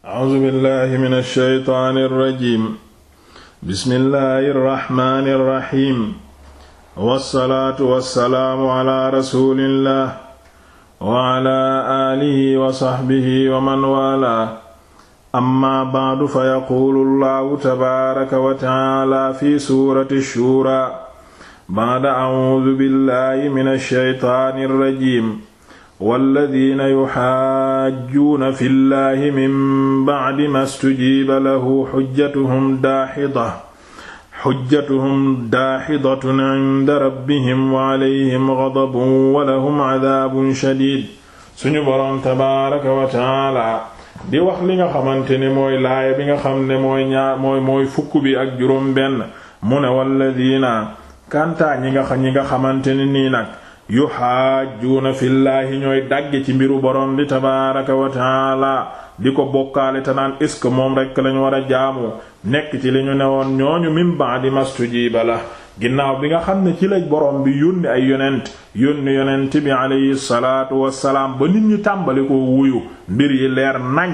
a'uuzu billahi min alsheytaani alrajim bismillahi arraxmaani arraxiim wassalaatu wassalaamu ala rasulillah wa ala aalihi wa saxbihi wa man waalaa amma ba'du fa yaquulu allahu tabaaraka wa tacaala fi suurati shuuraa ba'da a'uuzu billahi min alsheytaani alrajim walladina yuxaajjuuna fi llahi min bacdi ma stujiba lahu xujjatuhum daaxida xujjatuhum daaxidatun cinda rabbihim wa calayhim gadabun wa lahum cadaabun shadiid suñu boroom tabaaraka wa taala di wax li nga xamante ne mooy laaya bi nga xam ne mooy ñaar mooy mooy fukk bi ak juróom benn mu ne walladina kantaa ñi nga ñi nga xamante ne nii nag yuxaajuuna fillaahi ñooy dàgge ci mbiru borom bi tabaaraka wa taala di ko bokkaale te naan est-ce que moom rekk lañu war a jaamoo nekk ci li ñu newoon ñooñu di ba'di mastujiba la ginnaaw bi nga xam ne ci la borom bi yónni ay yonent yónni yonent bi alayhi salaatu wassalaam ba nit ñi tàmbali ko wuyu mbir yi leer nañ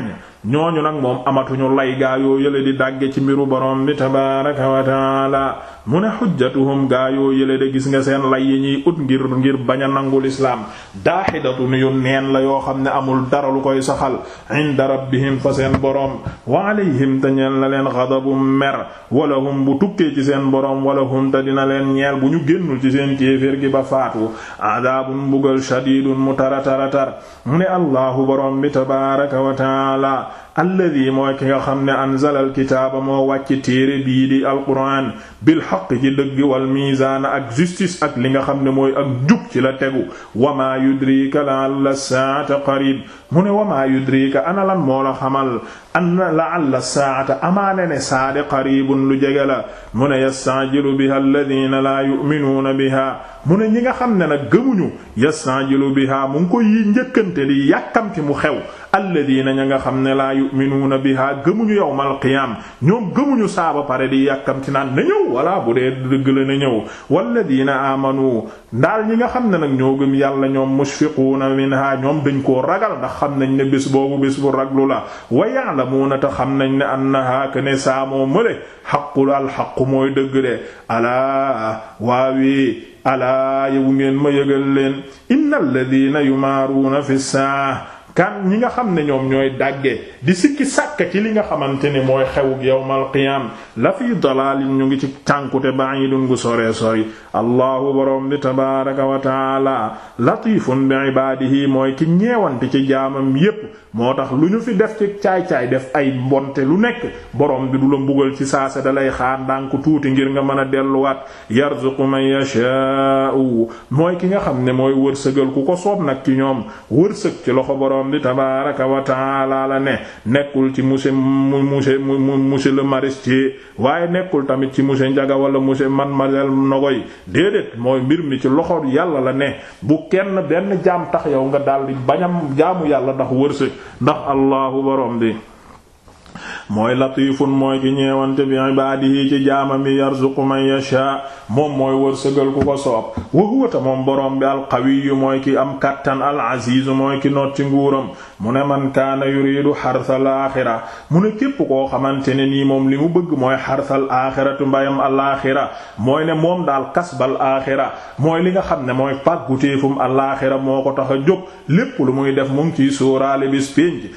ñooñu nag moom amatuñu lay gaa yoo yële di dàgge ci mbiru borom bi tabaaraka wa taala mu ne xujjatuhum gaa yoo yële gis nga seen lay yi ut ngir ngir bañ a nangu lislaam daaxidatun yu neen la yoo xam ne amul dara lu koy saxal inda rabbihim fa seen boroom wa alayhim te ñeel leen xadabum mer wala hum bu tukkee ci seen borom wala hum te dina leen ñeel bu ñu génnul ci seen kéeféer gi ba faatu adaabun bugal shadiidun mu tarataratar mu ne allahu boroom bi tabaaraka wa taala alladi mooy ki nga xam ne anzala alkitaaba moo wàcc téere bii di alquraan bil xaq ci dëgg wal miizaana ak justice ak li nga xam ne mooy ak njub ci la tegu wamaa yudrika la'alla saata qarib mu wa wamaa yudrika ana lan moo la xamal anna la'alla saata amaane ne saade qaribun lu jege la mu ne yasta'jilu biha alladhina la yu'minuna biha mu ne ñi nga xam ne nag gëmuñu yasta'jilu biha mu ngi koy yi njëkkante di yàkkamti mu xew alladina ña nga xam ne laa yu'minuuna biha gëmuñu yawmal qiyaam ñoom gëmuñu saa ba pare di yàkkamti naan na ñëw walla bu dee dëgg la na ñëw walladina amanu ndaal ñi nga xam ne nag ñoo gëm yàlla ñoom mushfiquuna minha ñoom dañ koo ragal ndax xam nañ ne bés boobu bés bu raglu la wa ya'lamuuna te xam nañ ne annaha ka ne saa moo mële al alxaqu mooy dëgg de alaa waawi alaa yow ngeen ma yëgal leen innal ladina yumaaruna fi saa kan ñi nga xam ne ñoom ñooy dàggee di sikki sàkk ci li nga xamante ni mooy xewug yawmal qiyaam la fi dalaalin ñu ngi ci baa ngi ba'idun gu soree sori allahu borom bi tabaaraka wa taala latifun bi ibaadihi mooy ki ñeewante ci jaamam yépp moo tax lu ñu fi def ci caay-caay def ay mbonte lu nekk borom bi du la mbugal ci saasa dalay xaar ndànk tuuti ngir nga mën a delluwaat yarzuqu man yashaa'u mooy ki nga xam ne mooy wërsëgal ku ko soob nag ci ñoom wërsëg ci borom bi tabaaraka wa la ne nekkul ci monsieur mu monsieur mu monsieur le Maristier waaye nekkul tamit ci monsieur Njaga wala monsieur man Marel Nogoy déedéet mooy mbir mi ci loxo yàlla la ne bu kenn benn jaam tax yow nga daldi bañam jaamu yàlla ndax wërsëg ndax allahu borom bi mooy latifun mooy ki ñeewante bi ibaadihi ci jaamam yi yarzuqu man yasha moom mooy wërsëgal ku ko soob wa huwa ta moom boroom bi alqawiyu mooy ki am kattan al azizu mooy ki noot ci nguuram mu ne man kaana yuridu xarsal axira mu ne képp koo xamante ne nii moom li mu bëgg mooy xarsal axiratu mbayam al axira mooy ne moom daal kasbal axira mooy li nga xam ne mooy pàggutéefum al axira moo ko tax a jóg lépp lu muy def mu ngi ciy sóoraale bis pénc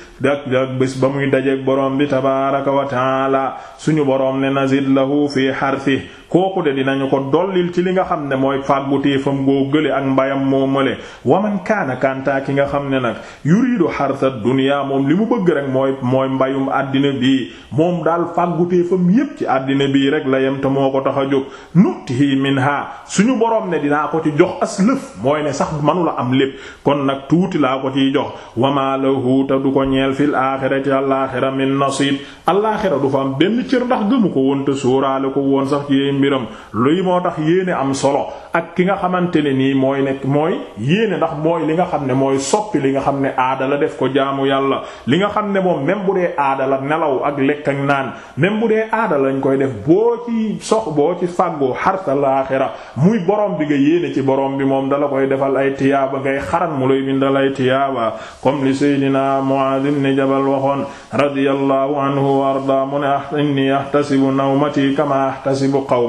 bi taba tabaaraka wa taala suñu boroom ne nazid lahu fi harthi kooku de dinañu ko dollil ci li nga xam ne mooy fàggu téefam goo gële ak mbayam moo male waman kaana kantaa ki nga xam ne nag yu yuridu xarsa dunya moom li mu bëgg rek mooy mooy mbayum àddina bii moom daal fàggu téefam yépp ci àddina bii rek la yem te moo ko tax a jóg nutihi minha suñu boroom ne dinaa ko ci jox aslëf mooy ne sax manu la am lépp kon nag tuuti laa ko ciy jox wama lahu ta du ko ñeel fil axirati àlaxira min nasib alaxira du mbiram luy moo tax yéene am solo ak ki nga xamante ne nii mooy nekk mooy yéene ndax mooy li nga xam ne mooy soppi li nga xam ne aadala def ko jaamu yàlla li nga xam ne moom même bu dee aadala nelaw ak lekk ak naan même bu dee aada lañ koy def boo ci sox boo ci fàggoo xarta laaxira muy borom bi nga yéene ci borom bi moom dala koy defal ay tiyaaba ngay xaran mu lay bindal ay tiyaaba comme li Seydina Muaaz ibn Jabal waxoon radiyallahu anhu wa arda mu ne inni ahtasibu nawmati kama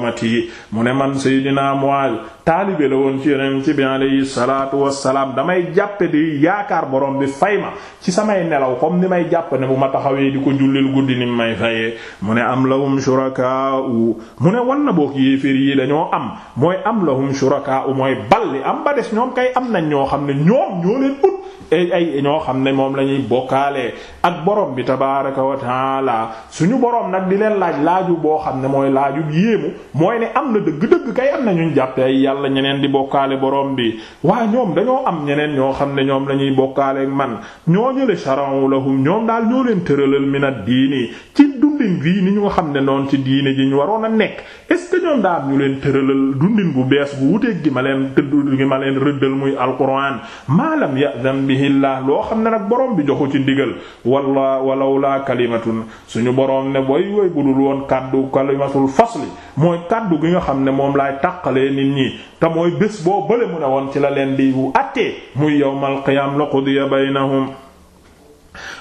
ummati mu ne man Seydina Muaaz taalibe la woon ci yonent bi alayhi salaatu wassalaam damay jàppe di yaakaar borom bi fay ma ci samay nelaw comme ni may jàpp ne bu ma taxawee di ko jullil guddi ni may fayee mu ne am lahum shurakaa'u mu ne wan na boog yéeféer yi dañoo am mooy am lahum shurakaa'u mooy balli am ba des ñoom kay am nañ ñoo xam ne ñoom ñoo leen ut ay ay ñoo xam ne moom la ñuy bokkaale ak borom bi tabaaraka wa taala suñu borom nag di leen laaj laaju boo xam ne mooy laaju yéemu mooy ne am na dëgg-dëgg kay am na ñu jàppe ay yàlla ñeneen di bokkaale borom bi waaye ñoom dañoo am ñeneen ñoo xam ne ñoom la ñuy man ñoo ñële shara'u lahum ñoom daal ñoo leen tëralal min ad-diini ci dundin gii ni ñu nga xam ne noonu ci diine ji ñu waroon a nekk est-ce que ñoom daal ñu leen tëralal dundin gu bees gu wuteeg gi ma leen tëdd gi ma leen rëddal muy alquran maalam ya'zam bihillah loo xam ne nag boroom bi joxu ci ndigal wala walawlaa kalimatu suñu borom ne way way budul woon kaddu kalimatul fasli mooy kaddu gi nga xam ne moom laay tàqalee nit ñi te mooy bés boo bële mu ne woon ci la leen di wu attee muy yawmal qiyam laqudiya baynahum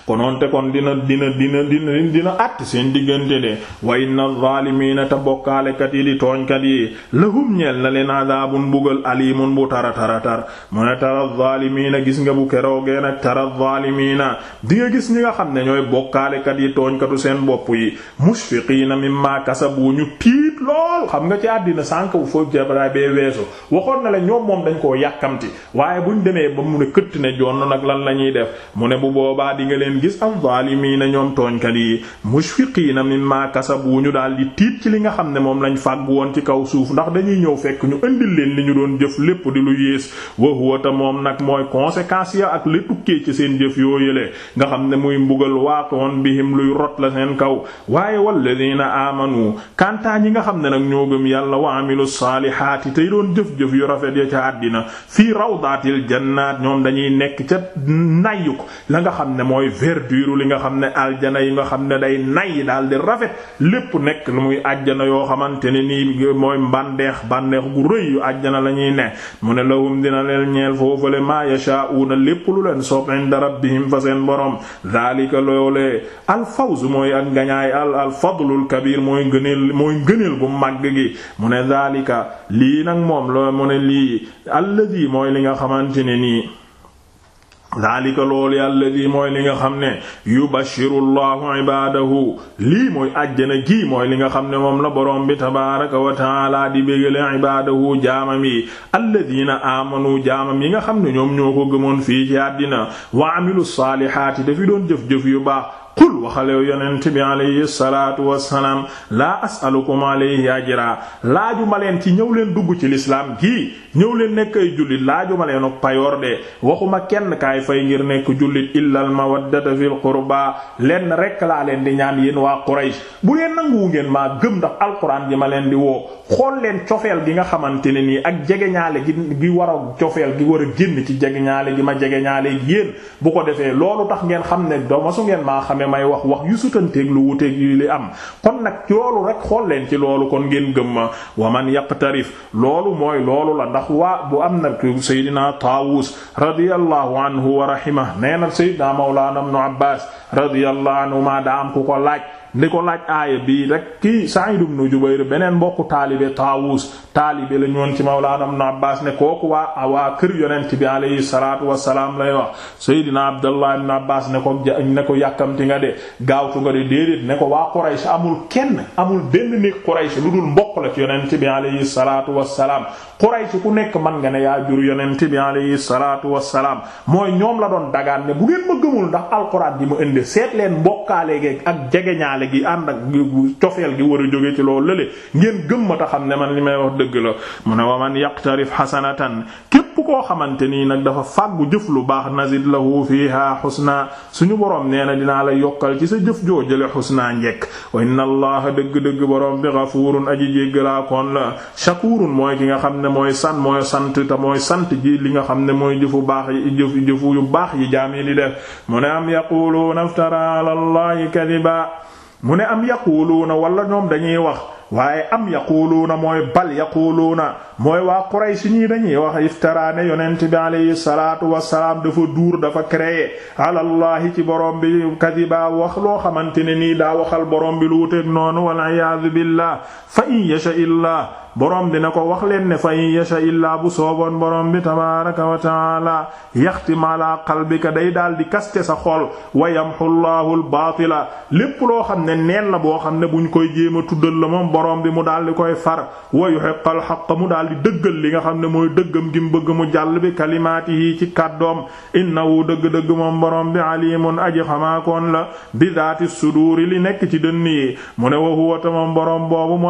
konoonte kon dina dina dina dina dina att seen diggante de wa inna zaalimiina te bokkaalekat yi di tooñkat yi lahum ñeel na leen adaabun mbugal alimun bu tara tara tar mu ne tara zaalimiina gis nga bu keroogee nag tara zaalimiina di nga gis ñi nga xam ne ñooy bokkaalekat yi tooñkatu seen bopp yi mushfiqiina mimmaa kasabu ñu tiit lool xam nga ci àddina sànk bu foofu jabraay bee weesu waxoon na la ñoom moom dañ koo yàkkamti waaye buñ demee ba mu ne këtt ne jonn nag lan lañuy def mu ne bu boobaa di leen gis am zaalimiina ñoom tooñkat yi mushfiqiina mimmaa kasabu ñu daal tiit ci li nga xam ne moom lañ fàgg woon ci kaw suuf ndax dañuy ñëw fekk ñu indil leen li ñu doon jëf lépp di lu yées wa huwa ta moom nag mooy conséquence ya ak li tukkee ci seen jëf yoo yële nga xam ne muy mbugal bi bihim luy rot la seen kaw waaye walladiina aamanu kantaa ñi nga xam ne nag ñoo gëm yàlla wa amilu saalihaati tey doon jëf-jëf yu rafet ya ca àddina fii rawdaatil jannaat ñoom dañuy nekk ca verdure li nga xam ne aljana yi nga xam ne day nay daal di rafet lépp nekk lu muy ajjana yoo xamante ne nii mooy mbandeex bandeex gu rëy yu ajjana lañuy ñuy ne mu ne lahum dina leen ñeel foofale maa yasha'una lépp lu leen soob inda rabbihim fa seen borom daalika loolee al fawz mooy ak ngañaay al al fadlul gi mu ne daalika lii nag moom loo mu ne lii alladi mooy li nga xamante ne nii daalika loolu yàlla di mooy li nga xam ne yubashiru llahu ibaadahu lii mooy àjjana gii mooy li nga xam ne moom la boroom bi tabaraka wa taala di bégale ibaadahu jaamam yi alladina aamanu jaamam yi nga xam ne ñoom ñoo ko gëmoon fii ci àddina wa amilu saalihaati dafi doon jëf-jëf yu baax qul waxal yow yonent bi alayhi salaatu wassalaam laa as'alukum alayhi ajra laaju ma leen ci ñëw leen dugg ci lislaam gii ñëw leen nekk ay jullit laaju ma leen payoor de waxuma kenn kaay fay ngir nekk jullit illa al mawaddata fil qurbaa lenn rekk laa leen di ñaan yéen waa Quraysh bu leen nanguwu ngeen maa gëm ndax alkuraan gi ma leen di woo xool leen cofeel gi nga xamante ne nii ak jegeñaale gi gi war a cofeel gi war a génn ci jegeñaale gi ma jegeñaale yéen bu ko defee loolu tax ngeen xam ne may wax wax yu sutanteeg lu wuteeg yu li am kon nag loolu rek xool leen ci loolu kon ngeen gëm wa man yaqtarif loolu mooy loolu la ndax waa bu am na Seydina Taawus radiyallahu anhu wa rahima nee na Seydina Mawlana Ibn Abbas radiyallahu anhu ma da am ku ko laaj di ko laaj aaya bii rek kii Sa'id ibn Jubayr beneen mbokku taalibe Taawus taalibe la ñoon ci Mawlaana Ibn Abbaas ne kooku waa waa kër yonent bi alayhi salaatu wassalaam lay wa wax Seydina Abdallah ibn Abbaas ne ko ne ko yàkkamti nga de gaawtu nga de déedéet ne ko waa Quraysh amul kenn amul benn néeg Quraysh lu dul mbokk la ci yonent bi alayhi salaatu wassalaam Quraysh ku nekk man nga ne yaa jur yonent bi alayhi salaatu wassalaam mooy ñoom la doon dagaan bu ndax alxuraan bi ma indi seet leen mbokkaale ak jegeñaale càngaale gi ànd ak cofeel gi war a jóge ci loolu lële ngeen gëm ma xam ne man li may wax dëgg la mu ne wa man yaqtarif hasanatan képp koo xamante nii nag dafa fàggu jëf lu baax nazid lahu fiha husna suñu boroom nee na dinaa la yokkal ci sa jëf joo jële husna njekk wa inna allaha dëgg-dëgg boroom bi ghafurun aji jéggalaa koon la shakurun mooy ki nga xam ne mooy san mooy sant te mooy sant ji li nga xam ne mooy jëfu baax yi jëf jëfu yu baax yi jaam yi di def mu ne am yaquluna iftara mu ne am yaquluuna wala ñoom dañuy wax waaye am yaquluuna mooy bal yaquluuna mooy waa Quraysh ñii dañuy wax iftaraane yonent bi alayhi salaatu wasalaam dafa duur dafa créé alallahi ci borom bi kadiba wax loo xamante ne nii daa waxal borom bi lu wuteeg noonu wal iyaadu billah fa in yasha illah borom bi na ko wax leen ne fa in yasha bu sooboon borom bi tabaaraka wa taala yaxtim ala qalbika day daal di kaste sa xol wa yamhu llahu al baatila lépp loo xam ne neen la boo xam ne buñ koy jéem a tuddal la moom borom bi mu daal di koy far wa yuhiqqa al haqqa mu daal di dëggal li nga xam ne mooy dëggam gi mu bëgg mu jàll bi yi ci kàddoom innahu dëgg-dëgg moom borom bi alimun aji xamaakoon la bi daati suduuri li nekk ci dënn yi mu ne wa huwa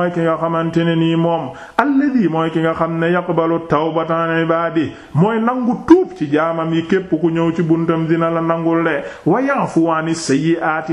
ne nii moom moom alladi mooy ki nga xam ne yaqbalu tawbata an ibadi mooy nangu tuub ci jaamam yi képp ku ñëw ci buntam dina la nangul de wa ya'fu ani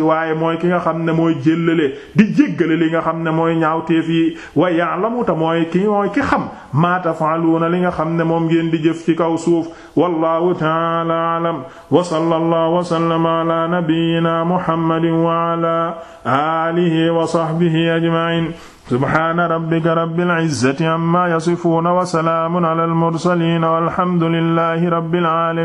waaye mooy ki nga xam ne mooy jéllale di jéggale li nga xam ne mooy ñaawteef yi wa ya'lamu ta mooy ki mooy ki xam ma taf'aluna li nga xam ne moom ngeen di jëf ci kaw suuf wallahu ta'ala a'lam wa sallallahu wa sallama ala nabiyyina muhammadin wa ala alihi wa sahbihi ajma'in subhaana rabbika rabbil izzati amma yasifuuna wa salaamun alal mursaliin walhamdulillahi rabbil aalamiin